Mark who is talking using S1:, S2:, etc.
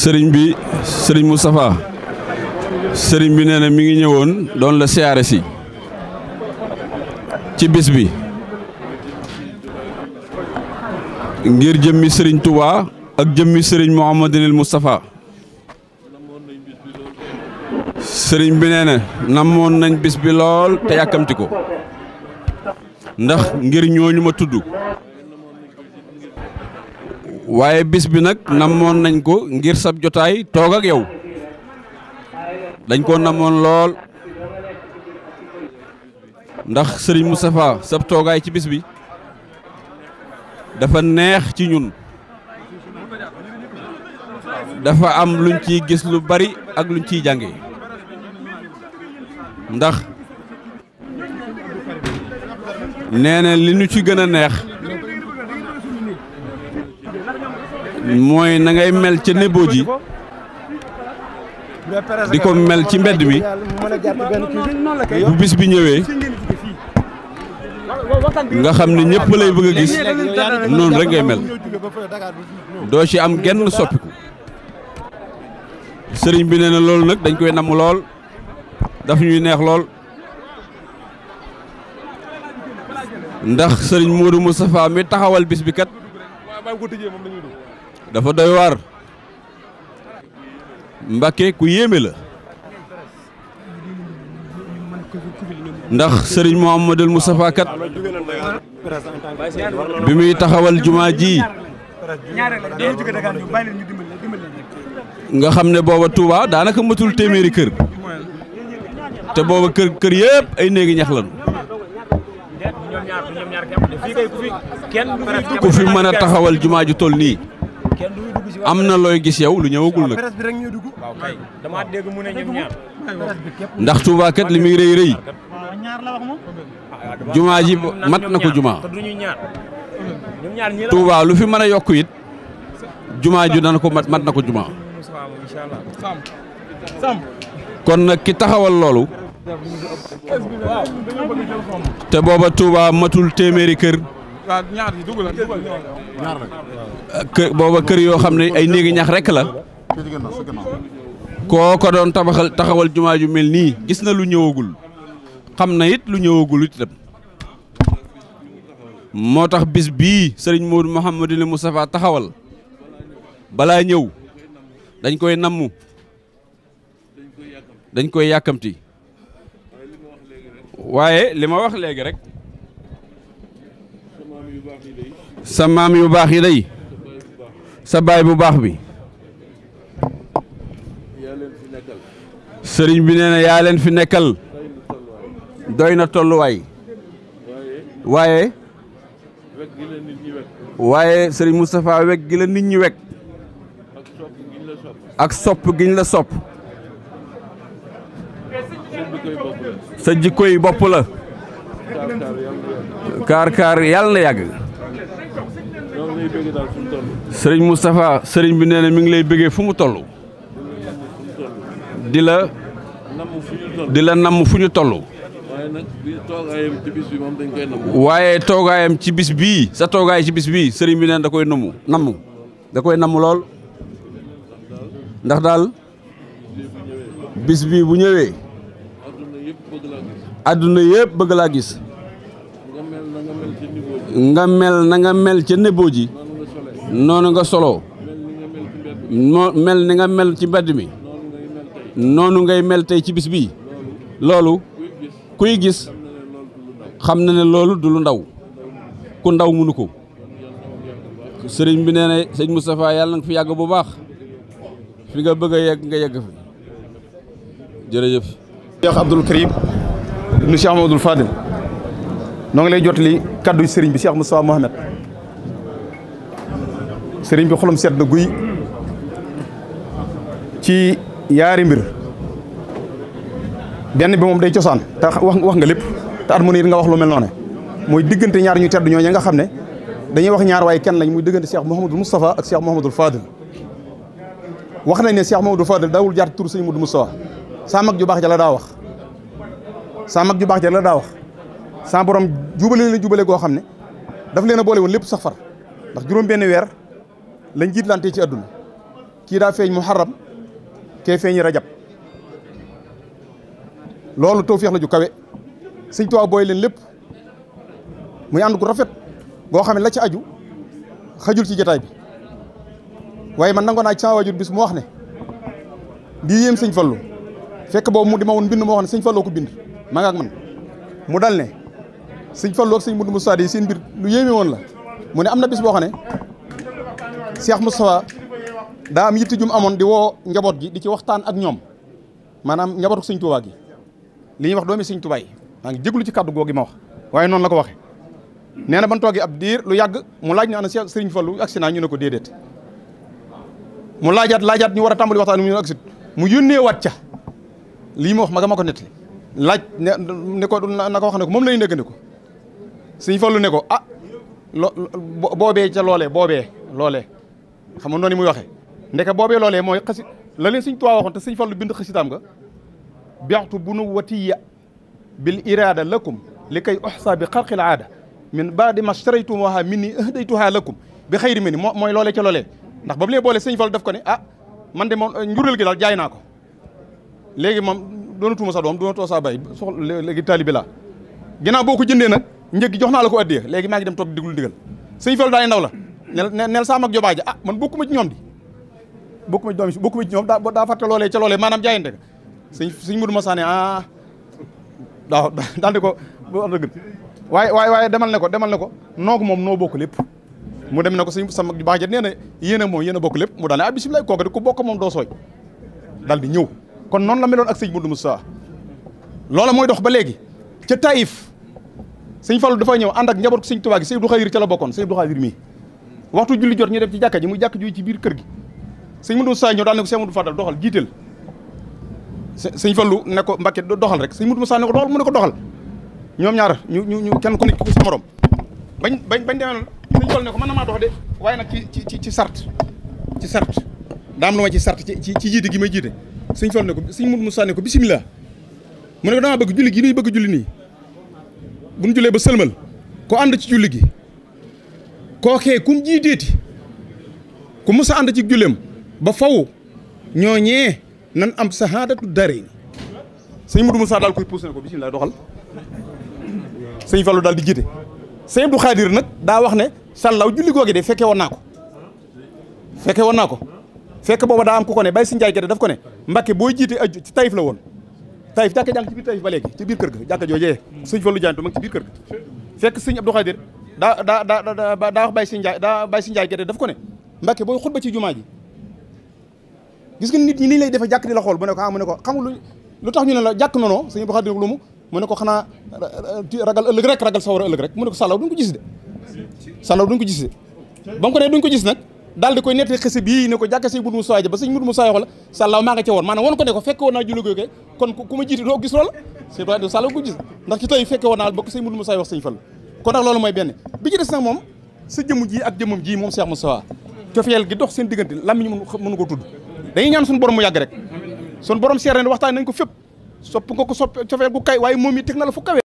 S1: sëriñ bi sëriñ Moustapha sëriñ bi nee mi ngi ñëwoon doon la siyaare si ci bis bi ngir jëmmi sëriñ Touba ak jëmmi sëriñ Mouhamadinil Moustapha sëriñ bi nee na nañ bis bi lool te yàkkamti ko ndax ngir ñooñu ma tudd waaye bis bi nag namoon nañ ko ngir sab jotaay toog ak yow dañ ko namoon lool ndax sëriñ Moustapha sab toogaay ci bis bi dafa neex ci ñun dafa am luñ ciy gis lu bari ak luñ ciy jànge ndax nee na li ñu ci gën a neex mooy na ngay mel ca nebo ji
S2: di ko mel ci mbedd mi bu bis bi ñëwee nga xam ne ñëpp lay bëgg a gis noonu rek ngay mel
S1: doo ci am genn soppiku sëriñ bi nee na loolu nag dañ koy namm lool daf ñuy neex lool ndax sëriñ Modou Moustapha mi taxawal bis bi kat dafa doy waar Mbàkke ku yéeme la ndax sëriñ Mouhamadul Moustapha kat
S2: bi muy taxawal jumaa ji
S1: nga xam ne booba Touba daanaka matul téeméeri kër te booba kër kër yëpp ay néegi ñax lañu ku fi mën a taxawal jumaa ju toll nii am na looy gis yow lu ñëwagul nag
S2: ndax Touba kat li muy rëy rëy jumaa ji mat na ko jumaa Touba lu fi mën a yokk
S1: it jumaa ju dana ko mat mat na ko jumaa kon nag ki taxawal loolu te booba tuuba matul téeméeri kër. kë booba kër yoo xam ne ay néegi ñax rek la. koo ko doon tabaxal taxawal jumaa ju mel nii gis na lu ñëwagul. xam na it lu ñëwagul itam. moo tax bis bii sëriñ Modou Mouhamadou Moustapha taxawal. balaa ñëw dañ koy nammu dañ koy yàkkamti waaye li ma wax léegi rek sa maam yu baax yi day sa baay bu baax bi sëriñ bi nee na yaa leen fi nekkal doy na tolluwaay waaye waaye sëriñ Moustapha wekk gi la nit ñi wekk ak sopp giñ la sopp sa jikko yi bopp la kaar kaar yàlla na yàgg sëriñ Moustapha sëriñ bi nee na mi ngi lay bëggee fu mu tollu di la di la namm fu ñu tollu waaye toogaayam ci bis bii sa toogaay ci bis bii sëriñ bi neen da koy namu namm da koy namm lool ndax daal bis bii bu ñëwee adduna yëpp bëgg laa gis nga mel na nga mel ca nebo ji noonu nga soloo mel ni nga mel ci mbedd mi noonu ngay mel tey ci bis bii loolu kuy gis xam na ne loolu du lu ndaw ku ndaw mënu ko sëriñ bi nee na sëñ mustafaa yàlla nga fi yàgg bu baax fi nga bëgg a yegg nga yegg fi
S2: jërëjëf Cheikh Abdoul Karim ibnu Cheikh Mamadou Fadil noo ngi lay jotali kaddu sëriñ bi Cheikh Moustapha Mohamed sëriñ bi xolam sedd na guy ci yaari mbir benn bi moom day cosaan te wax wax nga lépp te at mu ne nga wax lu mel noonu mooy diggante ñaar ñu tedd ñooñu nga xam ne dañuy wax ñaar waaye kenn lañ muy diggante Cheikh Mouhamadou Moustapha ak Cheikh Mouhamadou Fadil wax nañ ne Cheikh Mouhamadou Fadil daawul jaar tur sëñ Moudou Moustapha saa mag ju baax ja la daa wax saa mag ju baax ja la daa wax saa borom jubale leen jubale goo xam ne daf leen a boole woon lépp sax far ndax juróom benn weer lañ jiitlante ci àdduna kii daa feeñ mu muharram kee feeñi rajab loolu tawfeex la ju kawe sëñ Tuubaa booy leen lépp muy ànd gu rafet goo xam ne la ci aju xajul ci jataay bi waaye man nangoo naa ci sama waajur mu wax ne di yéem sëñ Fallu fekk boobu mu di ma woon bind moo xam ne sëñ Fallou ko bind maa nga ak man mu dal ne sëñ Fallou ak sëñ Moudou Moussa yi seen mbir lu yéeme woon la mu ne am na bis boo xam ne Cheikh Moustapha daa am yitti jum amoon di woo njaboot gi di ci waxtaan ak ñoom maanaam njabootu sëñ Touba gi li ñuy wax doomi sëñ Touba maa ngi jéglu ci kàddu googu ma wax waaye noonu la ko waxe nee na ban toogee ab diir lu yàgg mu laaj ñu ana sëriñ Fallou agsi naa ñu ne ko déedéet mu laajaat laajaat ñu war a tàmbali waxtaan mu ñu agsi mu yónnee waat lii ma wax ma ga ko nettali laaj ne ko na ko wax ne ko moom lañu nekk ne ko suñ fallu ne ko ah lo boobee ca loolee boobee loole xam noon noonu muy waxee ndeke boobee loolee mooy xasi la leen suñ tuwaa waxoon te suñ fallu bind tam nga bextu bu nu watiya bil iraada lakum li kay oxsa bi xarqil aada min baadi ma sharaytumuha min ni ahdaytuha lakum bi xayri mi ni moo mooy loolee ca loolee ndax ba mu lee boole suñ fallu daf ko ne ah man de moom njuréel gi jaay naa ko léegi moom doonatuma sa doom doonatoo sa bay soxla léegi taalibi laa ginnaaw boo ko jëndee nag njëg jox naa la ko addiya léegi maa ngi dem toog diglu ndigal sëñ Fallu daal ndaw la neel sa saam ak jobaa ja ah man bokkuma ci ñoom di bokkuma ci doom bokkuma ci ñoom daa fàtte loolee ca loolee maanaam jaayante ga sëñ sëñ Mudu Masaane ah daaw daal di ko waaye waaye waaye demal ne ko demal ne ko noogu moom noo bokk lépp mu dem ne ko sëñ sama ju baax nee na yéen a moom yéen bokk lépp mu daal ne ah bisimilah kooku di ku bokk moom doo sooy daal di ñëw kon noonu la meloon ak sëñ Modou Moussa loola mooy dox ba léegi ca Taïf sëñ Fallou dafa ñëw ànd ak njaboot sëñ Tuubaa gi sëñ Abdou Xaadir ca la bokkoon sëñ Abdou Xaadir mii waxtu julli jot ñu dem ci jàkka ji mu jàkk ji ci biir kër gi sëñ Modou Moussa ñëw daal ne ko sëñ Modou Fadal doxal jiiteel sëñ Fallou ne ko Mbàkke doxal rek sëñ Modou Moussa ne ko ko doxal ñoom ñaar ñu ñu ñu kenn ku nekk bañ bañ bañ demee sëñ Fallou ne ko mën na maa dox de waaye nag ci ci ci sart ci sart daam lu ci sart ci ci jiite gi may jiite sëñ Fall ne ko sëñ Mut Musaa ne ko bisimilah mu ne ko dama bëgg julli gi nuy bëgg julli nii bu ñu jullee ba sëlmal ko ànd ci julli gi kookee kum jiiteeti ku musa ànd ci julleem ba faw ñooñee nan am sahaadatu dare ni sëñ Mut Musaa daal koy puus ne ko bisimilah doxal sëñ Fallu daal di jiite sëñ Abdu Xaadir nag daa wax ne sàllaaw julli googi de fekke woon naa ko fekke woon naa ko fekk booba daa am ku ko ne bay si njaay gerte daf ko ne Mbàkke booy jiite aj ci tayif la woon tayif jàkka jàng ci tayif ba léegi ci biir kër ga jàkka joojee sëñ Fallu Jaantu mag ci biir kër ga fekk sëñ Abdou Khadir daa daa daa daa wax bay si njaay daa bay si njaay gerte daf ko ne Mbàkke booy xutba ci jumaa ji gis nga nit ñi ni lay defe jàkk di la xool mu ne ko ah ne ko xamul lu tax ñu ne la jàkk noonu sëñ Abdou Khadir lu mu mu ne ko xanaa euh, ragal ëllëg rek ragal sawara ëllëg rek mu ne ko sàllaw duñ ko gis de sàllaw duñ ko gis de ne duñ ko gis nag daal di koy nettali xësi bii ne ko jàkka sëñ Mourou Moussa ja ba sëñ Mourou Moussa yoxo la sàllaaw maa nga ca maanaam woon ko ne ko fekke ko gis ndax wax sëñ Fall kon nag ko tudd dañuy ñaan suñu waaye moom yi teg na la fu kawe